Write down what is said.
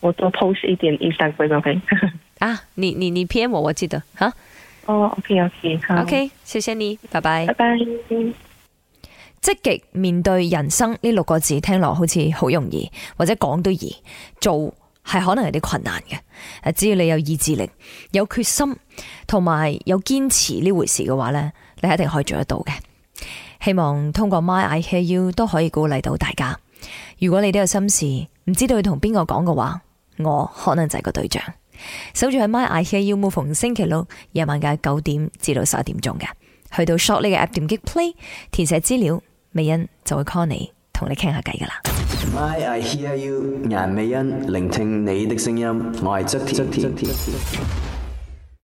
我做 post 一點 Instagram OK 啊，你你你 PM 我，我知道吓哦。啊 oh, OK OK，好 OK，謝謝你，拜拜拜拜。積極面對人生呢六個字，聽落好似好容易，或者講都易做，係可能有啲困難嘅。只要你有意志力、有決心同埋有堅持呢回事嘅話咧，你一定可以做得到嘅。希望通過 My I Hear You 都可以鼓勵到大家。如果你都有心事，唔知道要同邊個講嘅話。我可能就係個對象，守住係 My I Hear You move 逢星期六夜晚嘅九點至到十點鐘嘅，去到 short 呢個 app 點擊 play，填寫資料，美欣就會 call 你，同你傾下偈噶啦。My I Hear You，廿美欣聆聽你的聲音，我係則田。